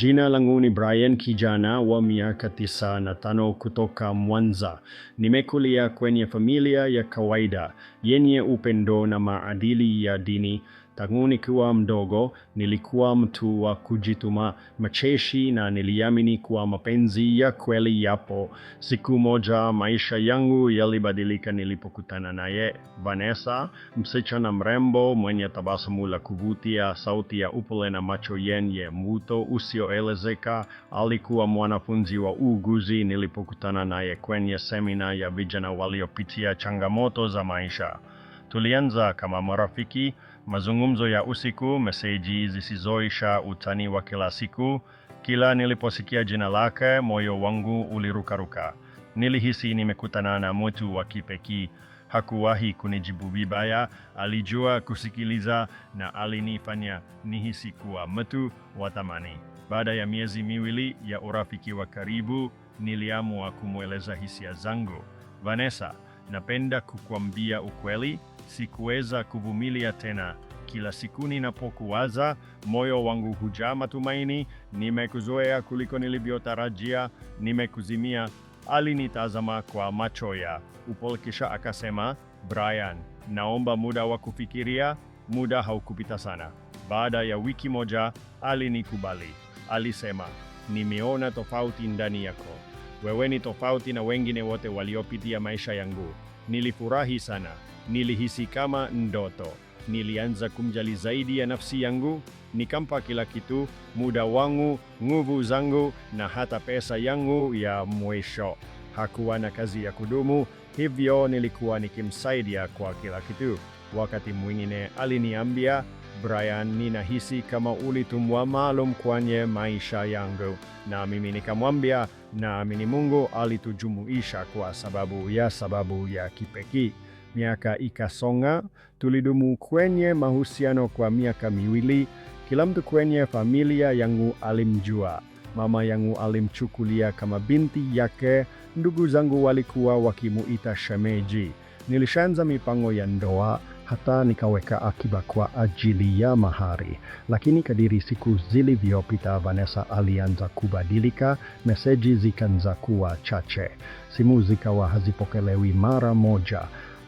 Jina langu ni Brian kijana wa miaka tisa na tano kutoka Mwanza. Nimekulia kwenye familia ya kawaida yenye upendo na maadili ya dini Tangu nikiwa mdogo nilikuwa mtu wa kujituma macheshi na niliamini kuwa mapenzi ya kweli yapo. Siku moja maisha yangu yalibadilika nilipokutana naye Vanessa, msichana mrembo mwenye tabasamu la kuvutia, sauti ya upole na macho yenye mvuto usioelezeka. Alikuwa mwanafunzi wa uuguzi nilipokutana naye kwenye semina ya vijana waliopitia changamoto za maisha. Tulianza kama marafiki mazungumzo ya usiku, meseji zisizoisha, utani wa kila siku. Kila niliposikia jina lake, moyo wangu ulirukaruka. Nilihisi nimekutana na mtu wa kipekee. Hakuwahi kunijibu vibaya, alijua kusikiliza na alinifanya nihisi kuwa mtu wa thamani. Baada ya miezi miwili ya urafiki wa karibu, niliamua kumweleza hisia zangu. Vanessa, napenda kukuambia ukweli, sikuweza kuvumilia tena. Kila siku ninapokuwaza, moyo wangu hujaa matumaini. Nimekuzoea kuliko nilivyotarajia, nimekuzimia. Alinitazama kwa macho ya upole, kisha akasema, Brian, naomba muda wa kufikiria. Muda haukupita sana. Baada ya wiki moja alinikubali. Alisema, nimeona tofauti ndani yako. Wewe ni tofauti na wengine wote waliopitia maisha yangu. Nilifurahi sana, nilihisi kama ndoto. Nilianza kumjali zaidi ya nafsi yangu, nikampa kila kitu: muda wangu, nguvu zangu, na hata pesa yangu ya mwisho. Hakuwa na kazi ya kudumu, hivyo nilikuwa nikimsaidia kwa kila kitu. Wakati mwingine aliniambia Brian, ninahisi kama ulitumwa maalum kwenye maisha yangu, na mimi nikamwambia, naamini Mungu alitujumuisha kwa sababu ya sababu ya kipekee. Miaka ikasonga, tulidumu kwenye mahusiano kwa miaka miwili. Kila mtu kwenye familia yangu alimjua. Mama yangu alimchukulia kama binti yake. Ndugu zangu walikuwa wakimuita shemeji. Nilishanza mipango ya ndoa hata nikaweka akiba kwa ajili ya mahari. Lakini kadiri siku zilivyopita, Vanessa alianza kubadilika, meseji zikaanza kuwa chache, simu zikawa hazipokelewi mara moja.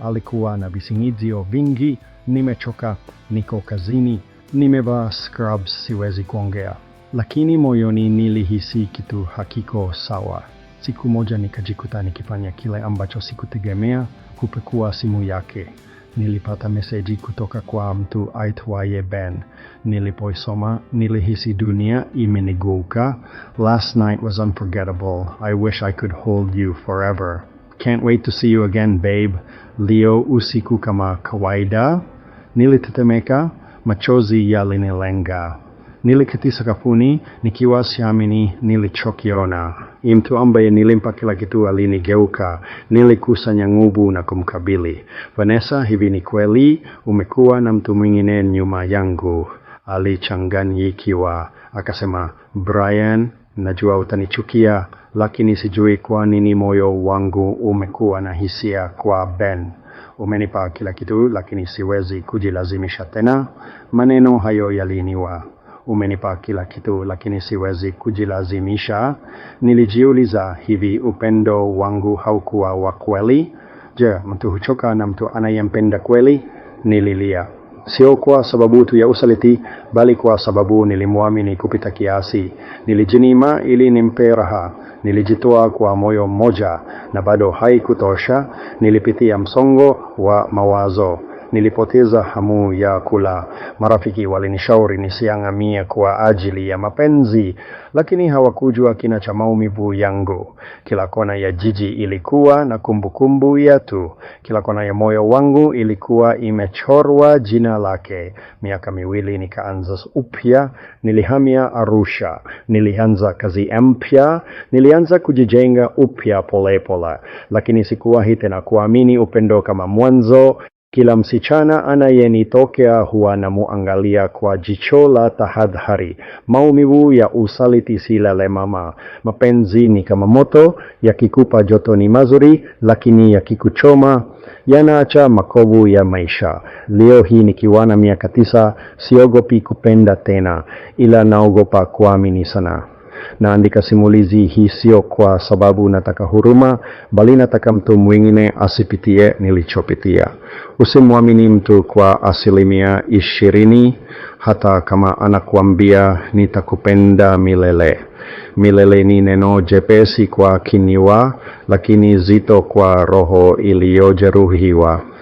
Alikuwa na visingizio vingi: nimechoka, niko kazini, nimevaa scrubs, siwezi kuongea. Lakini moyoni nilihisi kitu hakiko sawa. Siku moja nikajikuta nikifanya kile ambacho sikutegemea, kupekua simu yake. nilipata meseji kutoka kwa mtu aitwaye Ben. Nilipoisoma nilihisi dunia imeniguka. Last night was unforgettable. I wish I could hold you forever. Can't wait to see you again babe. Leo usiku kama kawaida. Nilitetemeka, machozi yalinilenga. niliketi sakafuni nikiwa siamini nilichokiona. Mtu ambaye nilimpa kila kitu alinigeuka, nilikusanya nguvu na kumkabili. Vanessa, hivi ni kweli umekuwa na mtu mwingine nyuma yangu? Alichanganyikiwa akasema, Brian, najua utanichukia, lakini sijui kwa nini moyo wangu umekuwa na hisia kwa Ben. Umenipa kila kitu, lakini siwezi kujilazimisha tena. Maneno hayo yaliniwa umenipa kila kitu, lakini siwezi kujilazimisha. Nilijiuliza, hivi upendo wangu haukuwa wa kweli? Je, mtu huchoka na mtu anayempenda kweli? Nililia, sio kwa sababu tu ya usaliti, bali kwa sababu nilimwamini kupita kiasi. Nilijinima ili nimpe raha, nilijitoa kwa moyo mmoja, na bado haikutosha. Nilipitia msongo wa mawazo nilipoteza hamu ya kula. Marafiki walinishauri nisiangamie kwa ajili ya mapenzi, lakini hawakujua kina cha maumivu yangu. Kila kona ya jiji ilikuwa na kumbukumbu kumbu tu, kila kona ya moyo wangu ilikuwa imechorwa jina lake. Miaka miwili nikaanza upya, nilihamia Arusha, nilianza kazi mpya, nilianza kujijenga upya polepole, lakini sikuwahi tena kuamini upendo kama mwanzo. Kila msichana anayenitokea huwa namuangalia kwa jicho la tahadhari. Maumivu ya usaliti si mama. Mapenzi ni kama moto, yakikupa joto ni mazuri, lakini yakikuchoma yanaacha makovu ya maisha. Leo hii nikiwa na miaka tisa, siogopi kupenda tena, ila naogopa kuamini sana. Naandika simulizi hii sio kwa sababu nataka huruma, bali nataka mtu mwingine asipitie nilichopitia. Usimwamini mtu kwa asilimia ishirini, hata kama anakuambia nitakupenda milele. Milele ni neno jepesi kwa kinywa, lakini zito kwa roho iliyojeruhiwa.